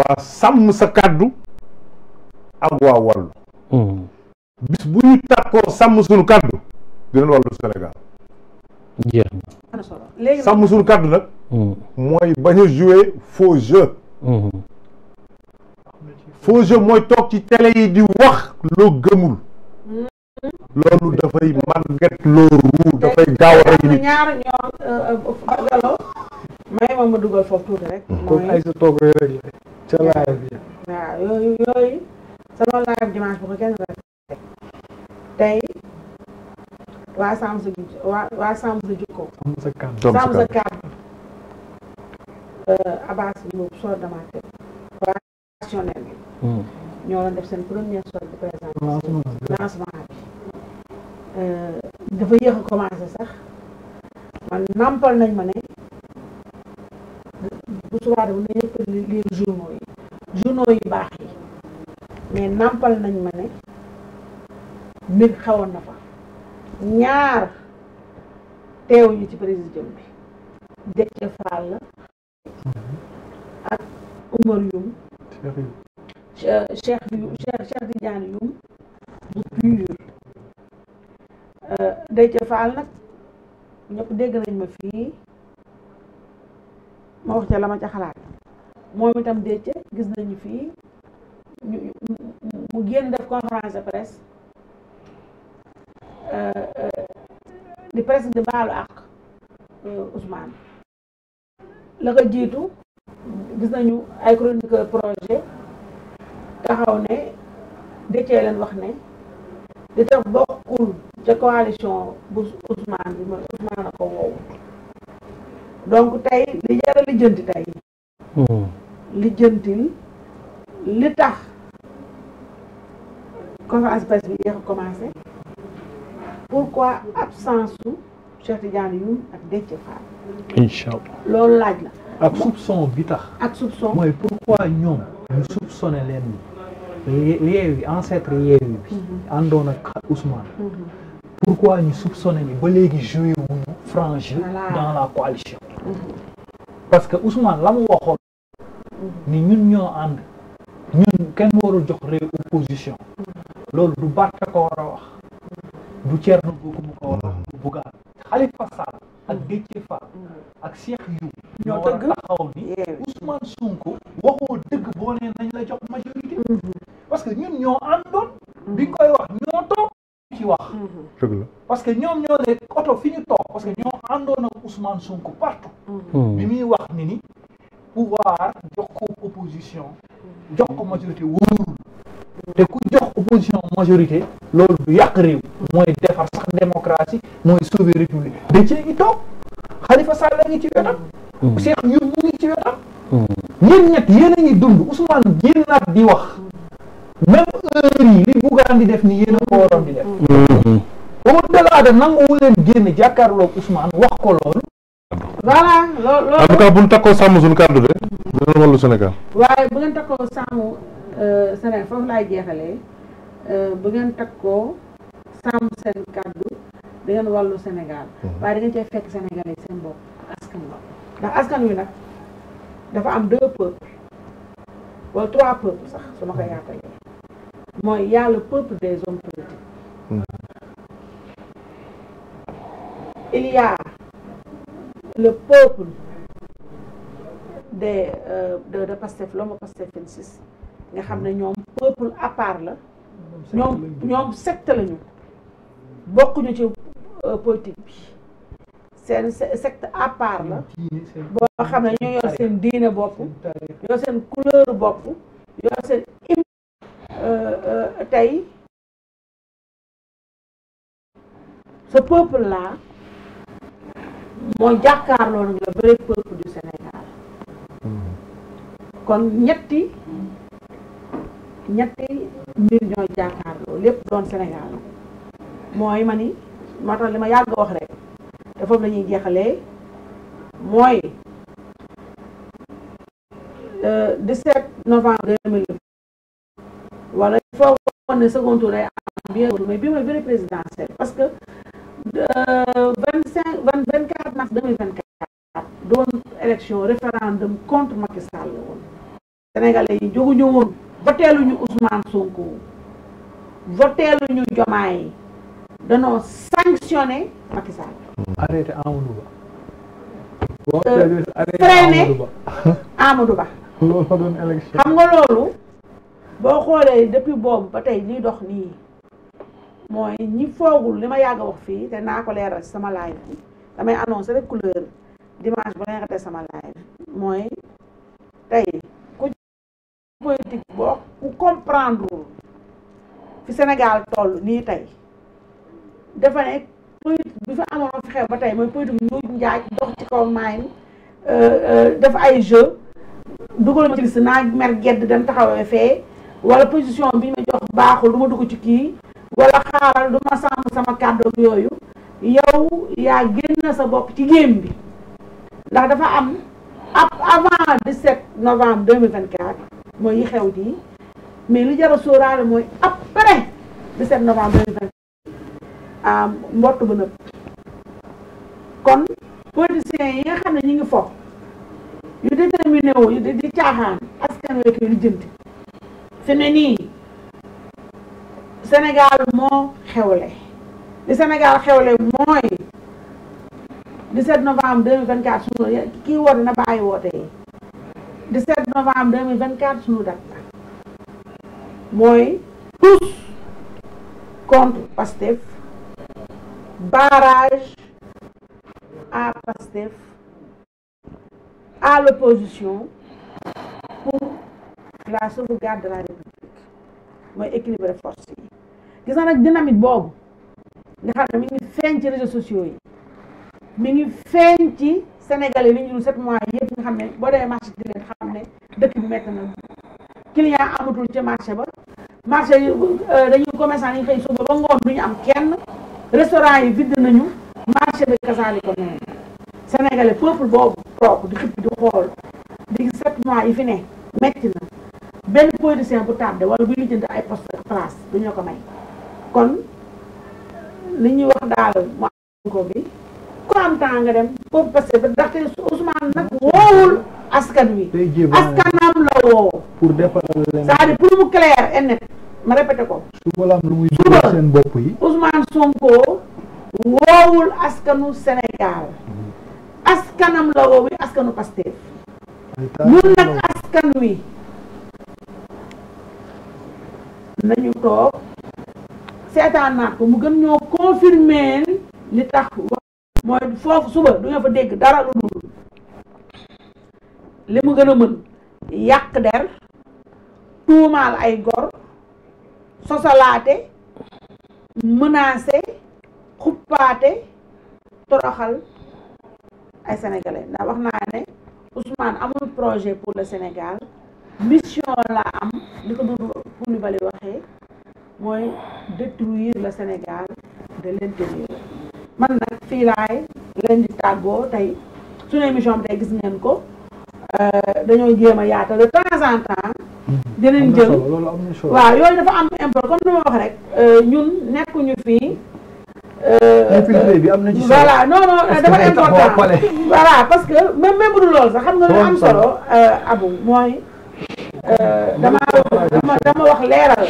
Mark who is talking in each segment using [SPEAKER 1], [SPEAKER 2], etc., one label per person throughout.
[SPEAKER 1] waa sàmm sa kàddu ak waa wàllu hmm. bis bu ñu tàkkoo sàmm jeex na suñu hmm. a jouer faux jeu hmm. faux jeu mooy toog ci télé yi di wax loo gëmul loolu dafay màgget loolu dafay gaaw a rey nit
[SPEAKER 2] ñaar ñoo euh, euh, may ma ma dugal foofu tuuti rek kon ay
[SPEAKER 1] sa rek ca live bi
[SPEAKER 2] waaw yooyu yooyu ko kenn rafet tey waa Sàmm Sa waa waa Sàmm Sa Jikko
[SPEAKER 1] Sàmm Sa Kàddu
[SPEAKER 2] Abbas Diop sor dama teg waa rationnel bi hmm. ñoo def seen première sortie de présentation euh, dafa yéex a commencé sax man nampal nañ ma ne bu subaa dama ne yëpp lire journaux yi tonton yu baax yi mais nàmpal nañ ma ne mbir xawoon na fa ñaar teewuñu ci président bi Déthié Fall ak Oumar Youm Cheikh Youm Cheikh Tidiane Youm bu pur euh, Déthié Fall nag ñëpp dégg nañ ma fii ma wax ca la ma ca xalaat moom itam décce gis nañu fii mu génn def conférence de presse euh, euh, di presse di baalu ak euh, Ousmane la ko jiitu gis nañu ay chroniqueur projet taxaw ne déccee leen wax ne di tax bokkul ca coalition bu Ousmane bi mooy Ousmane a ko woowu donc tey li jar a lijjanti tey hmm. les li tax conférence bi pourquoi absence Tidiane ak
[SPEAKER 1] la. soupçon soupçon pourquoi nous ñu soupçonné leen ancêtre mhm. Ousmane. Mhm. pourquoi nous soupçonné ni ba dans la coalition. Mhm. parce que Ousmane la ni ñun ño and ñun kenn waru jox rew opposition loolu du barka ko wara wax du cierno Thierno mu ko wara a wax du Khalifa Sall ak Déthié fa ak Cheikh yu ño war a taxaw ni Ousmane Sonko waxo deug bo ne nañ la jox majorité mm-hmm. parce que ñun ño andon bi koy wax ño toog ci wax mm-hmm. parce que ñom ño le auto fi ñu parce que ño andon ak Ousmane Sonko partout mm-hmm. bi mi wax ni ni pouvoir opposition jox ko majorité wóorul té ku jox opposition majorité loolu du yak rew moy défar sax démocratie moy sauver république dé ci ngi tok Khalifa Sall a ngi ci wetam Cheikh hmm. ñu mu ngi ci wetam ñeen hmm. ñett yéen ngi dund Ousmane génnaat di wax même heure yi li buggaan di def ni yeena ko waroon
[SPEAKER 2] di def hmm. au da de
[SPEAKER 1] wu len genn jakarlo Ousmane wax ko loolu
[SPEAKER 2] voilà loolu en tout cas
[SPEAKER 1] bu ñu takkoo sàmm de dina wallu Sénégal.
[SPEAKER 2] waaye bu ngeen takkoo sàmm euh, Sénégal foofu laay jeexalee euh, ba ngeen takkoo sàmm seen kàddu da ngeen wàllu Sénégal. Mhm. waaye da ngeen cee fekk Sénégalais seen bopp askan wi ndax nag dafa am deux peuples wala trois peuples sax su ma ko mhm. yaatalee mooy y a des hommes politiques. Mhm. il y le peuple. des euh, de de Pastef l'homme pastéfensis nga xam ne ñoom peuple à part la ñoom ñoom secte lañu bokkuñu ci euh, politique bi seen secte à part la boo xam ne ñoo yor seen diine bopp yor seen couleur bopp yor seen im euh, tey ce peuple là moo jàkkaarloo le vrai peuple du Sénégal kon ñetti ñetti mbir ñoo jàkkaarloo lépp doon Sénégal mooy ma ni moo tax li ma yàgg wax rek te foofu la ñuy jeexalee mooy 17 euh, novembre 2000 wala il faut qu'on ne second tour ay am bien mais bi mooy bëri présidentielle parce que euh, vingt cinq vingt quatre mars 2024 doon élection référendum contre Macky Sall woon sénégalais yi jóguñu woon voteeluñu Ousmane Sonko voteeluñu Diomaye danoo sanctionné Macky Sall.
[SPEAKER 1] arrêté Amadou Ba. Euh, freiné Amadou Ba. xam
[SPEAKER 2] nga loolu boo xoolee depuis boobu ba tey liy dox nii mooy ñi foogul li ma yàgg a wax fii te naa ko leeral sama live bi damay annoncé rek couleur dimanche bu neexatee sama live mooy tey. politique boo ku comprendre fi Sénégal toll nii tey dafa ne politique bi fa amoon fi xew ba tey mooy politique njuuj njaaj dox ci kaw maayin
[SPEAKER 1] euh, euh,
[SPEAKER 2] def ay jeu dugal ma ci liste naa mer gedd dem taxawee fee wala position bi ñu ma jox baaxul du ma dugg ci kii wala xaaral du ma sàmm sama kàddoog yooyu yow yaa génn sa bopp ci géem bi ndax dafa am ab avant 17 novembre 2024 mooy yi xew di mais li jar a sóoraale mooy après 17 novembre 2020 ah mbott ba nëpp kon politiciens yi nga xam ne ñu ngi fo yu déterminé wu yu di caaxaan askan wi koy lijjanti fi ne nii Sénégal moo xewle li Sénégal xewle mooy 17 novembre 2024 su kii woote na bàyyi woote yi 17 novembre 2024 suñu date la mooy tous contre Pastef barrage à Pastef à l'opposition pour la sauvegarde de la République mooy équilibrer force yi gis na nag dynamique boobu nga xam ne mi ngi feeñ ci réseaux sociaux yi mi ngi feeñ ci sénégalais li ñu dul sept mois nga xam ne boo demee marché di xam ne dëkk bi métti na client amatul ci marché ba marché yi euh, dañuy commerçant yi xëy suba ba ñu am kenn restaurant yi vide nañu marché bi kasaali ko noonu sénégalais peuple boobu toog di xippi di xool di sept mois yi fi ne métti na benn politicien bu tardé wala buy lijjanti ay poste place du ñoo ko may kon li ñuy wax daal mu am ko bi ku am temps nga dem pour passer ba ndaxte Ousmane nag woowul askan wi askanam la woo pour defal pour mu clair et ma répété ko suba la am lu muy dugal seen bopp yi Ousmane Sonko woowul askanu Sénégal askanam la woo wi askanu Pastef ñun nag askan wi nañu toog seetaan naa mu gën ñoo confirmer li tax mooy foofu suba du nga fa dégg dara lu dul li mu gën a mën yàq der tuumaal ay gor sosalaate menacé xuppaate toroxal ay sénégalais ndax wax naa ne Ousmane amul projet pour le Sénégal mission la am li ko Doudou Coulibaly waxee mooy détruire le Sénégal de l'intérieur man nag fii laay leen di tàggoo tey suñu émission bi gis ngeen ko euh, dañooy jéem a yaatal de temps en temps. Mhm. dinañ jël waaw yooyu dafa am import comme ni wax rek euh, ñun nekkuñu fii.
[SPEAKER 1] Euh, infiltré bi am na ci voilà non non dafa important
[SPEAKER 2] voilà parce que même lool sax xam nga lu am solo abu mooy. dama dama wax leeral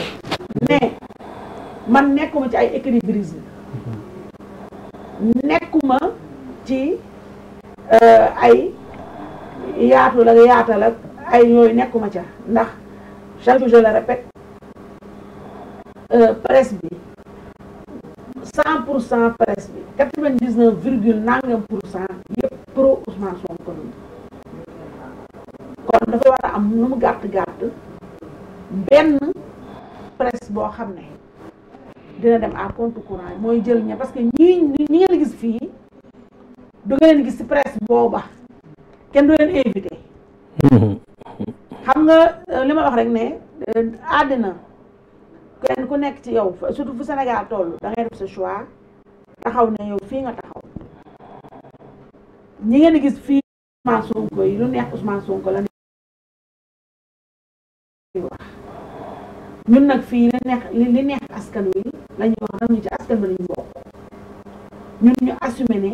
[SPEAKER 2] ne man nekkuma ci ay équilibrisme. nekkuma ci euh, ay yaatu la yaatal ak ay yooyu nekkuma ca ndax chaque jour je le répète euh, presse bi cent pour cent presse bi quatre vingt dix neuf virgule nangam pour cent yëpp pro Ousmane Sonko kon dafa war am nu mu gàtt gàtt benn presse boo xam ne dina dem à compte courant mooy jël ña parce que ñii ñi nga gis fii du nga leen gis ci presse booba kenn du leen invité mm-hmm. xam nga euh, li ma wax rek ne euh, àddina kenn ku nekk ci yow surtout fu Sénégal toll da ngay def sa choix taxaw ne yow fii nga taxaw ñi ngeen gis fii Ousmane Sonko yi lu neex Ousmane Sonko la neex wax nag fii li neex li neex askan wi la ñuy wax nañu ci askan ba lañu ñun ñu assumé ne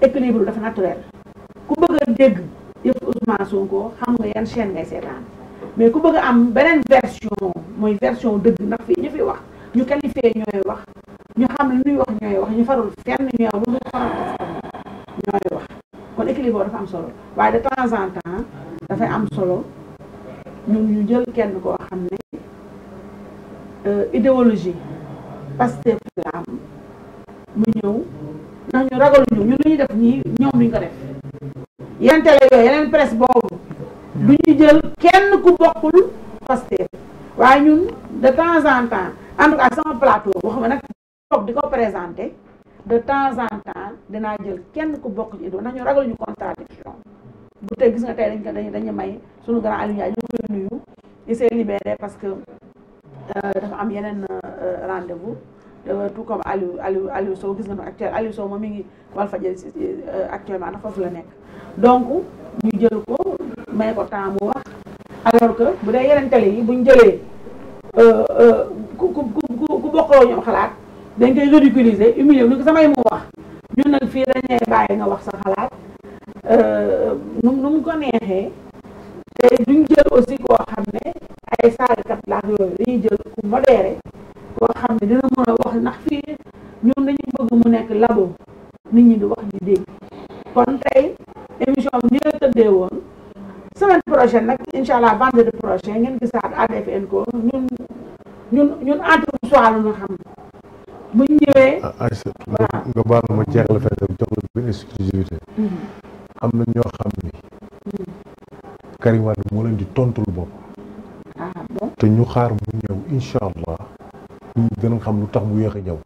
[SPEAKER 2] équilibre dafa naturel ku bëgg a dégg yëpp Ousmane Sonko xam nga yan chaîne ngay seetaan mais ku bëgg am beneen version mooy version dëgg ndax fii ñu fi wax ñu qualifié ñooy wax ñu xam li ñuy wax ñooy wax ñu farul fenn ñu am ñooy wax kon équilibre dafa am solo waaye de temps dafay am solo ñun ñu jël kenn koo xam ne euh, idéologie Pastef la am mu ñëw ndax ñu ragaluñu ñun lu ñu def nii ñoom duñ ko def yeneen télé yooyu yeneen presse boobu du ñu jël kenn ku bokkul Pastef waaye ñun de temps en temps en tout cas sama plateau boo xam ne nag toog di ko présenté de temps en temps dinaa jël kenn ku bokk ci idoo ndax ñu ragaluñu contradiction bu tey gis nga tey dañ ko dañu may suñu grand Aliou Ndiaye ñu koy nuyu il s'est libéré parce dafa am yeneen euh, euh, rendez-vous euh, tout comme Aliou Aliou Aliou Sow gis nañu actuel Aliou Sow moom mi ngi Walfadjri actuellement na foofu la nekk donc ñu jël ko may ko temps mu wax alors que bu dee yeneen télé yi buñ jëlee ku ku ku ku bokkaloo ñoom xalaat dañ koy ridiculiser humilier ni ko samay mu wax ñun nag fii dañuy bàyyi nga wax sa xalaat nu nu ko neexee modéré boo xam ne dina mën a wax ndax fii ñoom dañu bëgg mu nekk labo nit ñi di wax di dégg kon tey émission bi ni la tëddee woon semaine prochaine nag incha allah vendredi prochain ngeen gisaat ADFN ko ñun ñun ñun entre soi la ñu xam buñ ñëwee. Ah, voilà nga
[SPEAKER 1] jox la benn exclusivité. Mm-hmm. am na ñoo xam ni.
[SPEAKER 2] Mm-hmm.
[SPEAKER 1] Karim moo leen di tontul bopp. Ah, te ñu xaar bu incha allah ñu gën a xam lu tax mu yéex a ñëw.